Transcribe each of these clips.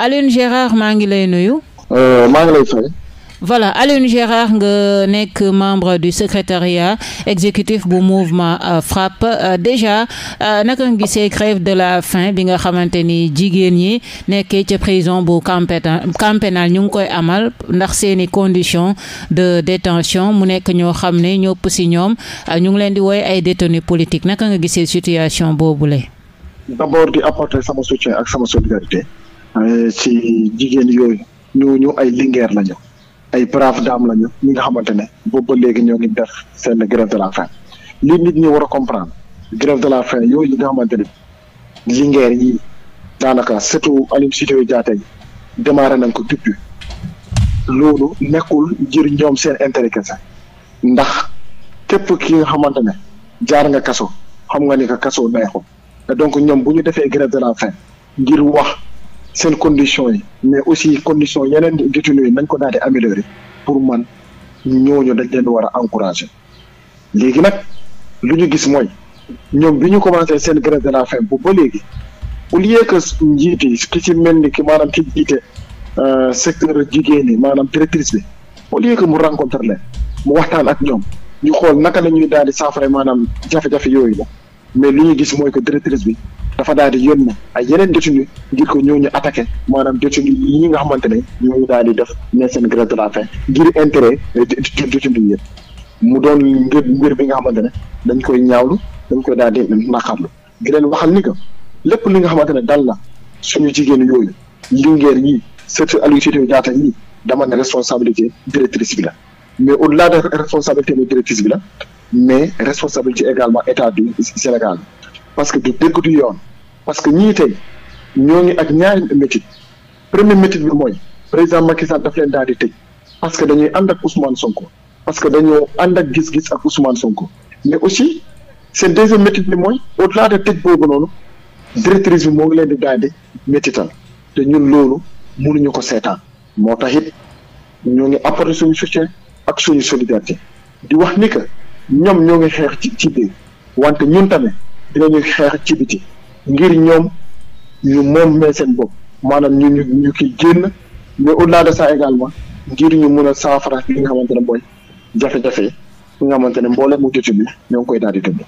Alioune Gérard maa ngi lay nuyu. Euh, voilà Alioune Gérard nga nekk membre du secrétariat exécutif bu mouvement euh, FRAPP euh, déjà naka nga gisee grève de la faim bi nga xamante ni jigéen ñi nekkee ci prison bu camp pénal ñu ngi koy amal ndax seeni condition de détention mu nekk ñoo xam ne ñëpp si ñoom ñu ngi leen di woy ay détenus politique naka nga gisee situation boobu d'abord Eh, ci jigéen yooyu ñooñu ay lingeer lañu ay brave dame lañu ñi nga xamante ne boobu ba léegi ñoo ngi def seen grève de la faim li nit ñi war a comprendre grève de la faim yooyu nga xamante ne lingeer yi daanaka surtout Aline Sitoé Diatta yi démarré nañ ko depuis loolu nekkul ngir ñoom seen intérêt kese ndax képp ki nga xamante ne jaar nga kaso xam nga ni ko kaso neexul donc ñoom bu ñu defee grève de la faim ngir wax. seen conditions yi mais aussi conditions yeneen détenus yi nañ ko daal di améliorer pour man ñooñu dañ leen war a encourager léegi nag lu ñu gis mooy ñoom bi ñu commencé seen grève de la faim bu ba léegi au lieu que njiit yi ki ci mel ni ki maanaam ki jiite euh, secteur jigéen ñi maanaam directrice bi au lieu que mu rencontre leen mu waxtaan ak ñoom ñu xool naka la ñuy daal di saafara maanaam jafe-jafe yooyu la mais li ñu gis mooy que directrice bi dafa daal di yónni ay yeneen détenu ngir ko ñëw ñu attaqué maanaam détenu yi nga xamante ne ñooñu daal di def ne seen grève de la faim ngir intérêt détenu yëpp mu doon bi nga xamante ne dañ koy ñaawlu dañ koy daal di naqarlu di leen waxal ni que lépp li nga xamante ne dal na suñu jigéen yooyu lingeer yi surtout Aline Sitoé Diatta yi dama ne responsabilité directrice bi la mais au delà de responsabilité bi directrice bi la mais responsabilité également état du Sénégal parce que du dëgg yoon parce que ñii ñoo ngi ak ñaar métit premier métit bi mooy président Macky Sall daf leen daal di tëj parce que dañuy ànd ak Ousmane Sonko parce que dañoo ànd ak gis-gis ak Ousmane Sonko mais aussi seen deuxième métit bi mooy au-delà de tëj boobu noonu directrice bi moo ngi leen di daal di métital te ñun loolu mënuñu ko seetaan moo tax it ñoo ngi apporter suñu soutien ak suñu solidarité di wax ni ñoom ñoo ngi xeex ci ci biir wante ñun tamit dinañu xeex ci biti ngir ñoom ñu moom mee seen bopp maanaam ñu ñu ñu ki génn mais au-delà de ça également ngir ñu mun a saafara li nga xamante ne mooy jafe-jafe yi nga xamante ne mboolem mu bi ñoo ngi koy daal di dund.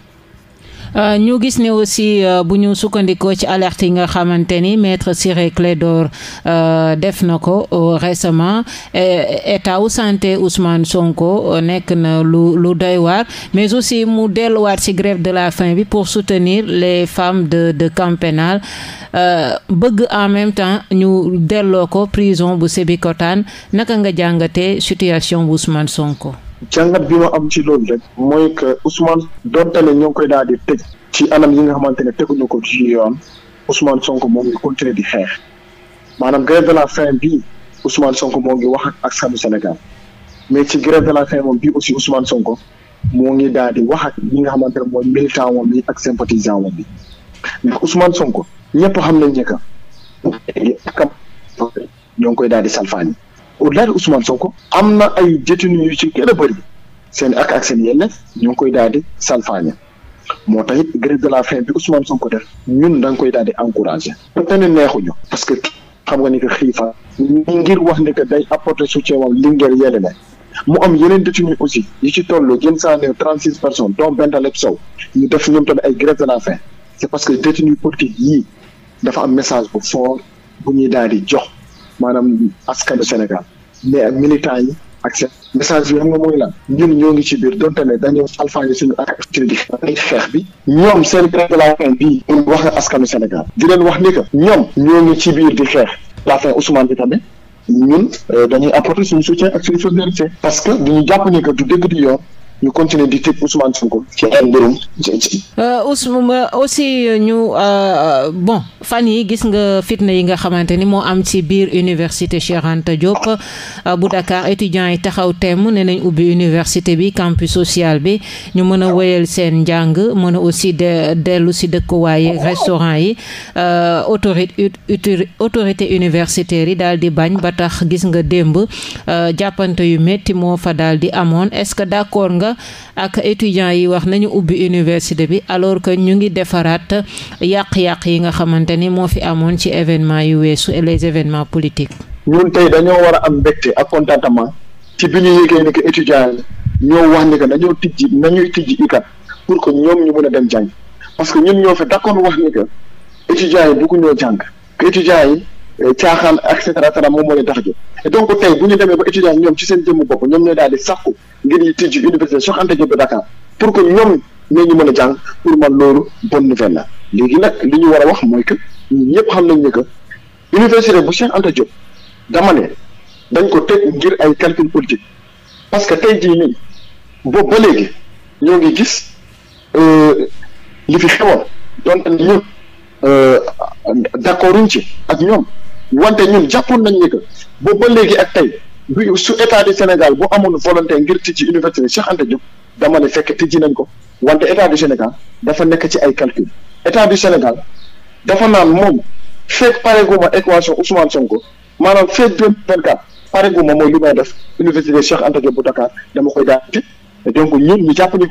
Euh, ñu gis ni aussi euh, bu ñu sukkandikoo ci alerte yi nga xamante ni maître Ciré Clédor euh, def na ko récemment état wu santé Ousmane Sonko nekk na lu lu doy waar mais aussi mu delluwaat ci grève de la fin bi pour soutenir les femmes de de camp pénal bëgg en même temps ñu delloo ko prison bu Sébikotane naka nga jàngatee situation bu Ousmane Sonko. jàngat bi ma am ci loolu rek mooy que Ousmane dontale ñoo ngi koy daal di tëj ci anam yi nga xamante ne teguñu ko ci yoon Ousmane Sonko moo ngi continuer di xeex maanaam grève de la faim bii Ousmane Sonko moo ngi wax ak askanu Sénégal mais ci grève de la faim moom bii aussi Sonko moo ngi daal di wax ak ñi nga xamante ne mooy militant moom bi ak sympathisant moom bi ndax Ousmane Sonko ñëpp xam nañ ne que ñoo koy daal di salfaañi au-delà de Ousmane ko am na ay détenus yu ci gën a bëri seen ak ak seen yelleef ñu ngi koy daal di salfaañe moo tax it grève de la faim bi Ousmane ko def ñun da koy daal di encouragé te ne neexuñu parce que xam nga ni que xiifa ngir wax ne que day apporter soutien wam li ngeen yelle mu am yeneen détenus aussi yi ci toll gën saa ne trente six personnes dont benn Talib Sow ñu def ñoom tamit ay grève de la faim c'est parce que détenus politiques yii dafa am message bu fort bu ñuy daal di jox maanaam askanu Sénégal mais ak militant yi ak seen message bi xam nga mooy lan ñun ñoo ngi ci biir donte ne dañoo salfaañi suñu activité di xeex bi ñoom seen grève de la faim bii pour wax askanu Sénégal di leen wax ni que ñoom ñoo ngi ci biir di xeex la faim Ousmane bi tamit ñun euh, dañuy apporter suñu soutien ak suñu solidarité parce que duñu jàpp ni que du dëgg di yoon ñu continuer di tëj Ousmane Sonko ci ay mbirum euh, aussi euh, ñu bon fan yi gis nga fitna yi nga xamante ni moo am ci biir université Cheikh Anta Diop euh, bu Dakar étudiants yi taxaw temm ne nañ ubbi université bi campus social bi ñu mën a wéyal seen njàng mën a aussi de dellu si dëkkuwaay restaurant yi euh, autorité autorité universitaire yi daal di bañ ba tax gis nga démb euh, jàppante yu métti moo fa daal di amoon est-ce que d'accord nga ak étudiants yi wax nañu ubbi université bi alors que ñu ngi defaraat yàq-yàq yi nga xamante ni moo fi amoon ci événement yu weesu et les événements politiques. ñun tey dañoo war a am mbégte ak contentement ci bi ñu yëgee ni que étudiants yi ñoo wax ni que dañoo tijji nañuy tijji ICAT pour que ñoom ñu mën a dem jàng parce que ñun ñoo fi d'accord wax ni que étudiants yi bëggu ñoo jàng que eh, moo leen tax ñu demee ba ci seen jëmm bopp ñoom ñooy daal di sàkku pour que mën a jàng pour man loolu bonne nouvelle la. léegi nag li ñu war a wax mooy que ñëpp xam nañ ne que université bu Cheikh Anta Diop dama ne dañ ko teg ngir ay calcul politique parce que tey jii nii boobu ba léegi ñoo ngi gis euh, li fi xewoon donte ñun euh, d'accord ci ak ñoom wante ñun jàppoon nañ ne que boobu ba léegi ak tey bu su état du Sénégal bu amoon volonté ngir tijji université Cheikh Anta Diop dama ne fekk tijji nañ ko wante état du Sénégal dafa nekk ci ay calcul. état du Sénégal dafa naan moom fekk pareguma équation Ousmane Sonko maanaam fekk deux mille vingt quatre pareguma mooy li may def université Cheikh Anta Diop bu Dakar dama koy daati donc ñun ñu jàpp ni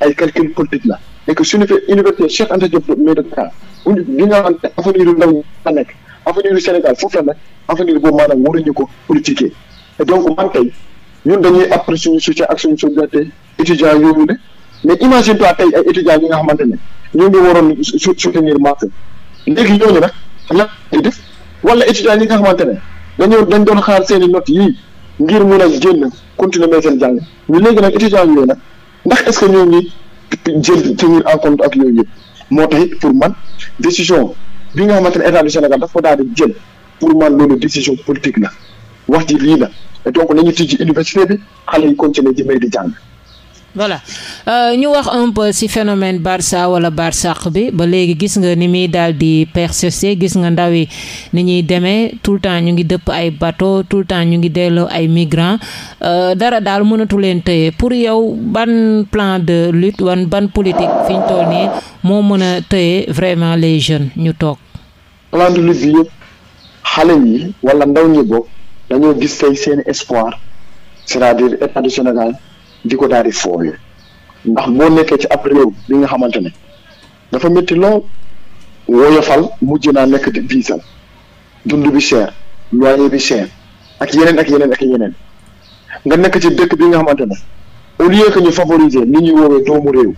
ay calcul politique la et que su ñu fee université Cheikh Anta Diop mais de Dakar bu ñu li nga xamante avenir yu ndaw la nekk avenir yu Sénégal foofu la nekk boobu maanaam waruñu ko politiquer et donc man tey ñun dañuy après suñu soutien ak suñu solidarité étudiants yooyu ne mais imagine toi tey ay étudiants yi nga xamante ne. ñoo ngi waroon soutenir marché léegi ñooñu nag lan di def wala étudiants yi nga xamante ne dañoo dañ doon xaar seen i notes yii ngir mun a génn continuer mais seen jàng ñu léegi nag étudiants yooyu nag ndax est-ce que ñoo ngi jël tenir en ak yooyu yëpp moo taxit pour man décision bi nga xamante ne état du Sénégal dafa ko daal di jël pour man loolu décision politique la wax ji lii la et donc nañu tijji université bi xale yi continuer di may di jàng voilà euh, ñu wax un peu ci phénomène Barça wala Barsaq bi ba léegi gis nga ni muy daal di persister gis nga ndaw yi ni ñuy demee tout le temps ñu ngi dëpp ay bateau tout le temps ñu ngi delloo ay migrants euh, dara daal mënatu leen tëye pour yow ban plan de lutte wan ban politique fi ñu nii moo mën a tëye vraiment les jeunes ñu toog. plan de lutte bi xale yi wala ndaw ñi dañoo gis tey seen espoir c'est-à-dire état du Sénégal. di ko daal di fooyee ndax boo nekkee ci ab réew bi nga xamante ne dafa métti lool woyofal mujj naa nekk di biisal dund bi cher loyer bi cher ak yeneen ak yeneen ak yeneen nga nekk ci dëkk bi nga xamante ne au lieu que ñu favoriser ni ñuy woowee doomu réew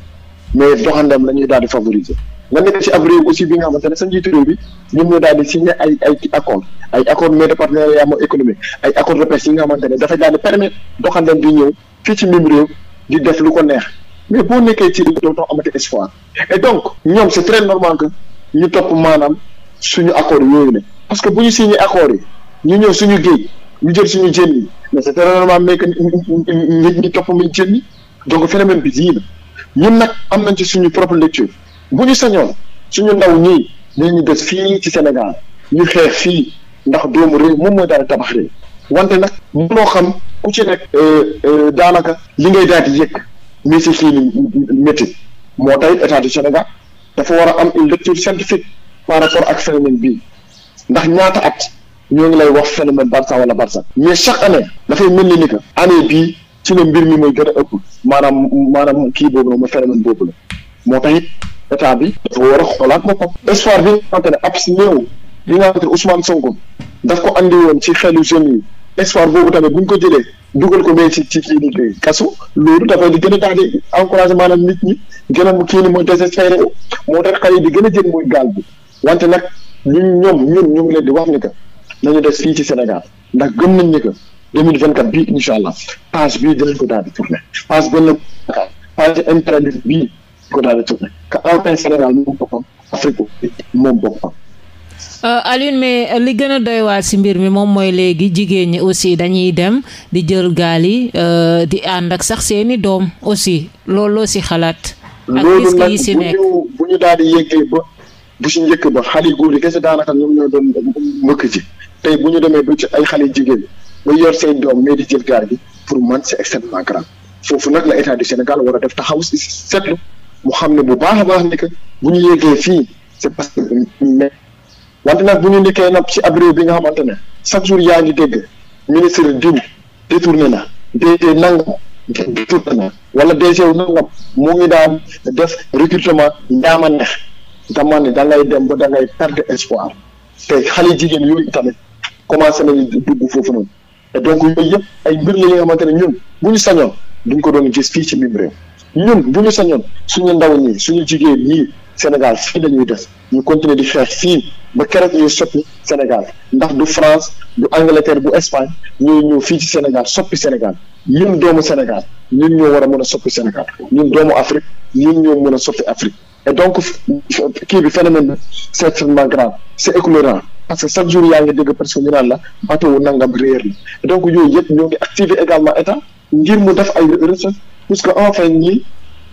mais doxandam la ñuy daal di favoriser nga nekk ci ab réew aussi bi nga xamante ne sa njiitu réew bi ñoom ñoo daal di signé ay ay accord ay accord mais de partenariat moo économique ay accord de pêche yi nga xamante ne dafa daal di permettre doxandam bi ñëw fii ci même réew di def lu ko neex mais boo nekkee ci dootoo amati espoir et donc ñoom c'est très normal que ñu topp maanaam suñu accord yooyu ne parce que bu ñu signé accord yi ñu ñëw suñu géej ñu jël suñu jën yi mais c'est très normal mais que ñu topp bi ñun nag am nañ ci suñu propre lecture bu ñu sañoon suñu ndaw ñii ñu des fii ci Sénégal ñu xeex fii ndax doomu réew moom mooy daal tabax réew wante nag mënoo xam ku ci nekk euh, euh, daanaka li ngay daal di yëkk mais si fii ni moo tey état du Sénégal dafa war a am une lecture scientifique par rapport ak phénomène bii ndax ñaata at ñoo ngi lay wax phénomène Barça wala Barça mais chaque année dafay mel ni ni que bii ci la mbir mi mooy gën a ëpp maanaam maanaam kii boobu la mooy phénomène boobu la moo tax état bi dafa war a xoolaat boppam espoir bi nga xamante ne ab si néew bi nga xamante ne Ousmane Sonko daf ko andi woon ci xelu jeunes yi espoir boobu tamit bu ñu ko jëlee dugal ko mais ci ci kii di kasu loolu dafay di gën a tax di encouragé maanaam nit ñi gën a mu kii ni mooy désespéré moo tax xale di gën a jël muy gaal bi wante nag ñun ñoom ñun ñu ngi leen di wax ni que nañu des fii ci Sénégal ndax gëm nañ ni que 2024 bii incha allah page bii dinañ ko daal di tourné page bi page intradite ko daal di tourné enfin Sénégal moom boppam Afrique moom boppam. Alioune mais li gën a doy waar ci mbir mi moom mooy léegi jigéen ñi aussi dañuy dem di jël gaal yi di ànd ak sax seeni doom aussi looloo ci xalaat. ak risque yi ci nekk loolu ñu daal di yeggee ba bu ci njëkk ba xale yi kese daanaka ñoom ñoo doon mbëkk ji bu ñu demee ba ci ay xale jigéen ba yor seen doom mais di jël gaal gi pour man c'est extrêmement grave foofu nag la état du Sénégal war a def taxaw ci seetlu. mu xam ne bu baax a baax ni que bu ñu yéegee fii c'est parce que mais wante nag bu ñu nekkee nag ci ab bi nga xamante ne chaque jour yaa ngi dégg ministre diw détourné na DG nangam détourné na wala DG wu nangam mu ngi daan def recrutement ñaama neex dama ne da ngay dem ba da ngay perdre espoir te xale jigéen yooyu tamit commencé nañu dugg foofu noonu et donc yooyu yëpp ay mbir la yi xamante ne ñun bu ñu sañoon duñ ko doon gis fii ci biir ñun bu ñu sañoon suñu ndaw ñi suñu jigéen ñi Sénégal fii dañuy des ñu continuer di xeex fii ba keroog ñuy soppi Sénégal ndax du France du Angleterre bu Espagne ñu ñëw fii ci Sénégal soppi Sénégal ñun doomu Sénégal ñun ñoo war mën a soppi Sénégal ñun doomu Afrique ñun ñoo mën a soppi Afrique et donc kii bi phénomène bi c' est extrêmement grave c' est parce que chaque jour yaa ngi dégg parce que ñu naan la bateau nangam réer la donc yooyu yë ñoo ngi activer également ngir mu def ay recherche puisque enfin ñi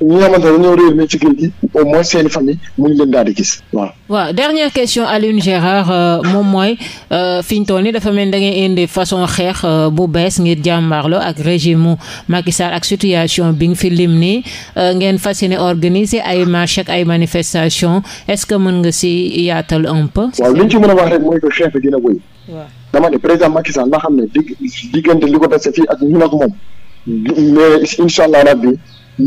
ñi nga xamante ne ñoo réer ne ci géej gi au moins seeni famille mu ngi leen daal di gis waaw. waaw question Alioune Gérard euh, moom mooy euh, fi ñu toll nii dafa mel da ngay indi façon xeex euh, bu bees ngir jàmbaarloo ak régime mu Macky Sall ak situation bi nga fi lim nii ngeen fas yéene organiser ay marche ay manifestation est-ce que mën nga si yaatal un peu. waaw li ñu ci mën a wax rek mooy que xeex dina wéy. dama ne président Macky Sall xam ne diggante li ko ak ñun mais incha allah rabbi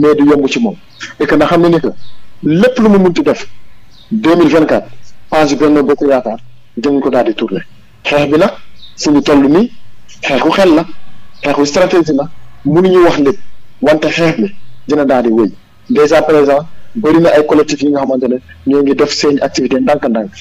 mais di yomb ci moom et na xam ne ni que lépp lu mu munti def deux mille vingt quatre page benn bokk yaakaar dinañ ko daal di tourné xeex bi nag suñu toll mi xeexu xel la xeexu stratégie la mënuñu wax lépp wante xeex bi dina daal di wéy déjà présent bëri na ay collectif yi nga xamante ne ñoo ngi def seen activité ndànk-ndànk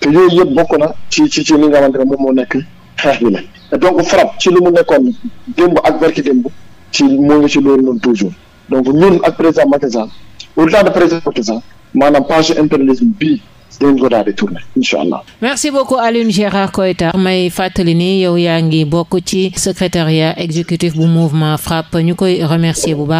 te yooyu yëpp bokk na ci ci ci li nga xamante ne moom moo nekk xeex bi la donc FRAPP ci lu mu nekkoon démb ak barki démb ci moo ngi ci loolu noonu toujours donc ñun ak président Macky Sall au-delà de président Macky Sall maanaam page impérialisme bii dañ ko daal di tourner merci beaucoup Alioune Gérard Koita may fàttali ni yow yaa ngi bokk ci secrétariat exécutif bu mouvement FRAPP ñu koy remercier bu baax.